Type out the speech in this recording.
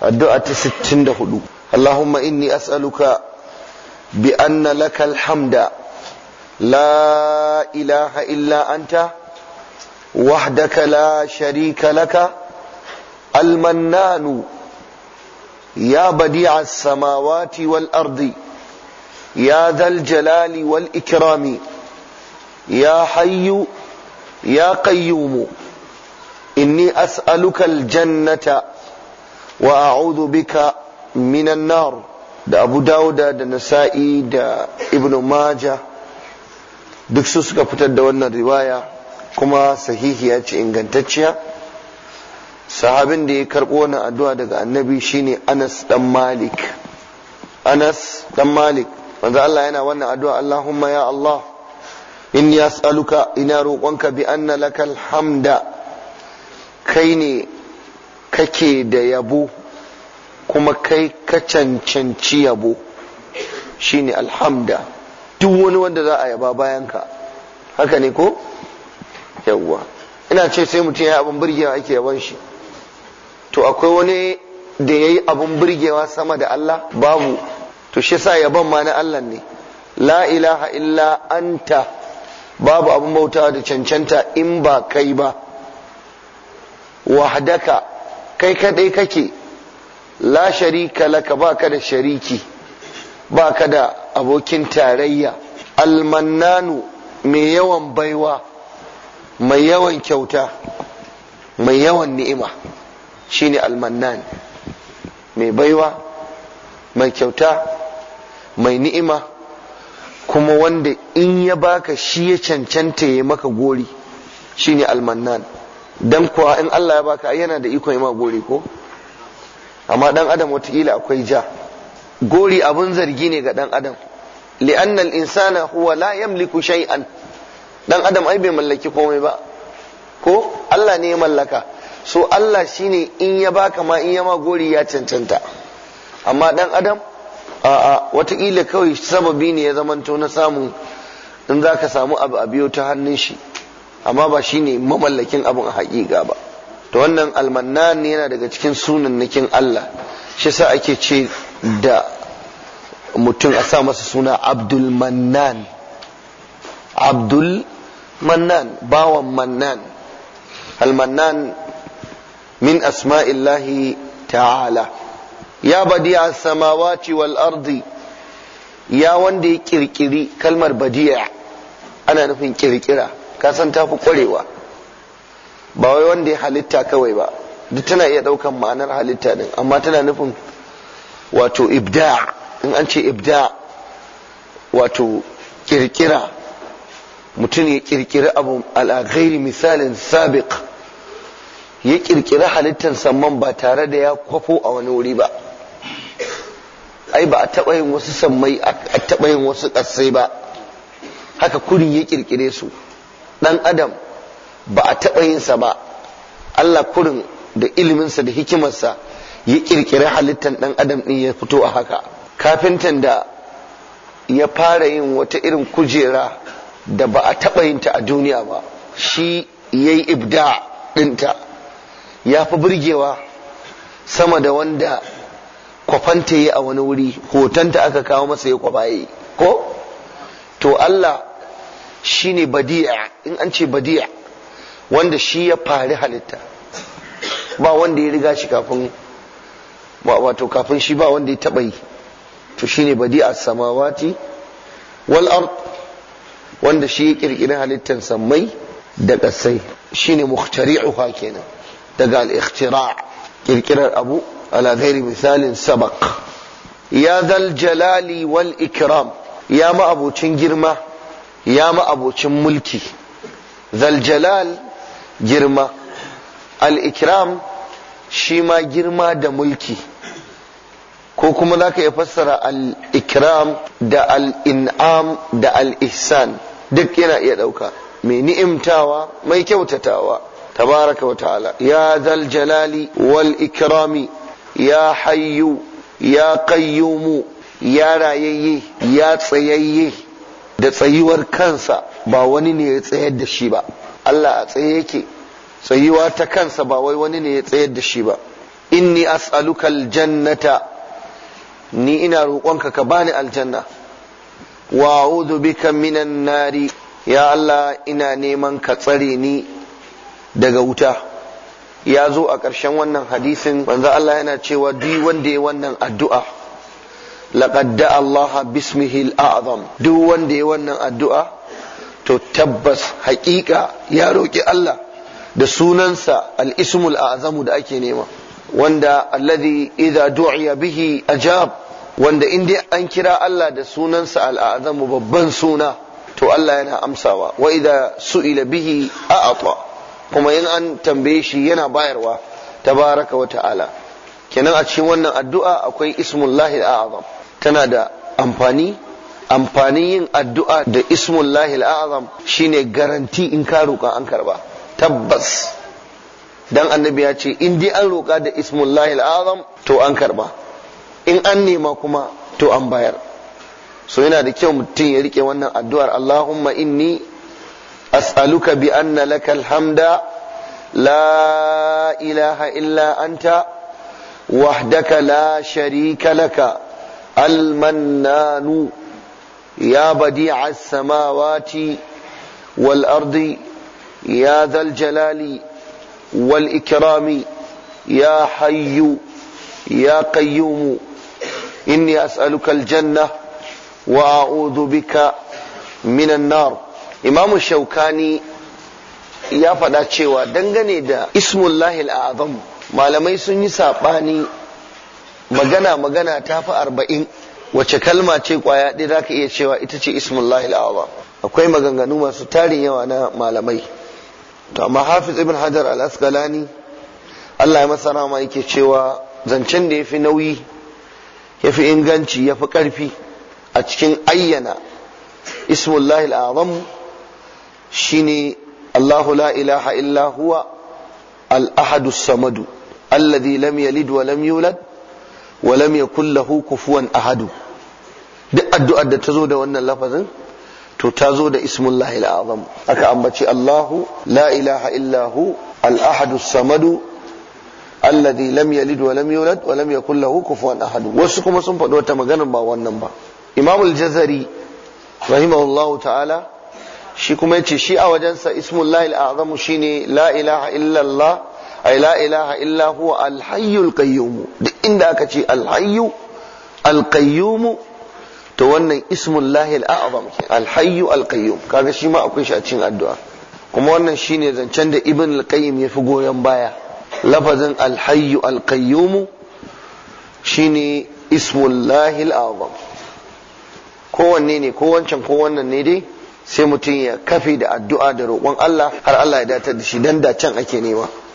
addu'a ta hudu. Allahumma inni as'aluka bi anna lakal hamda la ilaha illa anta wahdaka la sharika laka almannanu ya badi'a samawati wal ardi ya dhal jalali wal ikrami ya hayyu ya qayyumu inni asalukal jannata a'udhu bika minan nar da abu dauda da nasa'i da ibn maja duk su suka fitar da wannan riwaya kuma sahihi ya ce ingantacciya sahabin da ya karɓo wani addu'a daga annabi shine anas dan malik anas dan malik manzo Allah yana wannan addu'a Allahumma ya Allah inni as'aluka ina roƙonka bi anna lakal hamda kai ne kake da yabo kuma kai ka cancanci yabo shine alhamda duk wani wanda za a yaba bayan ka haka ne ko yawwa ina ce sai mutum ya abin birgewa ake yaban shi to akwai wani da ya yi abin birgewa sama da Allah babu to shi sa yaban ma na Allah ne la ilaha illa anta babu abin bautawa da cancanta in ba kai ba wahdaka kai kadai kake la sharika laka baka da shariki baka da abokin tarayya almannanu mai yawan baiwa mai yawan kyauta mai yawan ni'ima shine almannan mai baiwa mai kyauta mai ni'ima kuma wanda in ya baka shi ya cancanta ya maka gori shine almannan dan kuwa in Allah ya baka yana da ikon ima gori ko amma dan adam watakila akwai ja gori abun zargi ne ga dan adam li'anna insana huwa la yamliku shay'an dan adam ai bai mallaki komai ba ko Allah ne ya mallaka so Allah shine in ya baka ma in ya ma gori ya cancanta amma dan adam a'a watakila kawai sababi ne ya zamanto na samu in zaka samu abu a biyo ta hannun shi amma ba shine mamallakin abin a haƙiƙa ba to wannan almannan yana daga cikin sunannakin Allah shi sa ake ce da mutum a sa masa suna abdul mannan abdul mannan bawan mannan almannan min asma'illahi ta'ala ya badiya samawati wal ardi ya wanda ya kirkiri kalmar badiya ana nufin kirkira ka san ta fi kwarewa ba wai wanda ya halitta kawai ba duk tana iya ɗaukan ma'anar halitta din amma tana nufin wato ibda in an ce ibda wato kirkira mutum ya kirkiri abu al'agairi misalin sabiq ya kirkiri halittar samman ba tare da ya kwafo a wani wuri ba ai ba a taɓa yin wasu sammai a taɓa yin wasu ƙasai ba haka kurin ya kirkire su Ɗan adam ba a taɓa yinsa ba Allah kurin da iliminsa da hikimarsa ya ƙirƙiri halittar ɗan adam ɗin ya fito a haka kafintan da ya fara yin wata irin kujera da ba a taɓa yinta a duniya ba shi ya yi ibda ɗinta ya fi burgewa sama da wanda kwafanta yi a wani wuri hotonta aka kawo masa ya kwabaye ko to Allah ne badi'a in an ce badi'a wanda shi ya fari halitta ba wanda ya riga shi kafin wato kafin shi ba wanda ya taba yi to shine badi'a samawati wal ard wanda shi ya kirkiri halittar sammai da kasai shine mukhtari'uha kenan daga al kirkirar abu ala ghairi misalin sabak ya zal jalali wal ikram ya ma abocin girma ya ma'abocin mulki zaljalal girma al-ikram shi ma girma da mulki ko kuma za ka iya fassara al-ikram da al-in'am da al-ihsan duk yana iya ɗauka mai ni'imtawa mai kyautatawa tabaraka wa ta'ala ya zaljalali. jalali wal ikrami ya hayyu ya kayyumu ya rayayye ya tsayayye da tsayuwar kansa ba wani ne ya tsayar da shi ba Allah a tsaye yake tsayuwa ta kansa ba wai wani ne ya tsayar da shi ba inni as'aluka aljannata ni ina roƙonka ka bani aljanna wa a'udhu bika minan nari ya Allah ina neman ka tsare ni daga wuta ya zo a ƙarshen wannan hadisin banza Allah yana cewa duk wanda ya wannan addu'a laqad da'a Allah bismihi azam duk wanda ya wannan addu'a to tabbas haƙiƙa ya roƙi Allah da sunansa al-ismul a'zamu da ake nema wanda alladhi idza du'iya bihi ajab wanda in dai an kira Allah da sunansa al-a'zamu babban suna to Allah yana amsawa wa idza su'ila bihi a'ata kuma in an tambaye shi yana bayarwa tabaraka wa ta'ala kenan a cikin wannan addu'a akwai ismullahi al-a'zam tana da amfani amfanin yin addu'a da ismullahi al'azam shine garanti in ka roƙa an karba tabbas Don annabi ya ce in dai an roƙa da ismullahi al'azam to an karba in an nema kuma to an bayar so yana da kyau mutum ya rike wannan addu'ar Allahumma inni as'aluka bi anna lakal hamda la ilaha illa anta wahdaka la sharika laka المنان يا بديع السماوات والأرض يا ذا الجلال والإكرام يا حي يا قيوم إني أسألك الجنة وأعوذ بك من النار إمام الشوكاني يا faɗa cewa دا اسم الله الأعظم ما لم yi saɓani magana magana ta fi arba'in wace kalma ce kwaya ɗaya za ka iya cewa ita ce ismullahi al'azam akwai maganganu masu tarin yawa na malamai to amma hafiz ibn hajar al-asqalani Allah ya masa rama yake cewa zancen da ya fi nauyi yafi inganci yafi karfi a cikin ayyana ismullahi al'azam shine Allahu la ilaha illa huwa al-ahadus samadu alladhi lam yalid wa lam yulad wa lam yakul lahu kufuwan ahadu duk addu'ar da ta zo da wannan lafazin to ta zo da ismullahi al'azam aka ambaci Allahu la ilaha illahu al-ahadu samadu alladhi lam yalid wa lam yulad wa lam yakul lahu kufuwan ahad wasu kuma sun faɗi wata maganar ba wannan ba Imam al-Jazari rahimahullahu ta'ala shi kuma yace shi a wajensa ismun al-azam shine la ilaha illallah ay la ilaha illa huwa al-hayyul qayyum inda aka ce alhayyu alqayyum to wannan ismullahi al'azam ke alhayyu alqayyum kaga shi ma akwai shi a cikin addu'a kuma wannan shine zancen da ibn alqayyim ya fi goyon baya lafazin alhayyu alqayyum shine ismullahi al'azam kowanne ne ko wancan ko wannan ne dai sai mutum ya kafe da addu'a da roƙon Allah har Allah ya datar da shi dan da can ake nema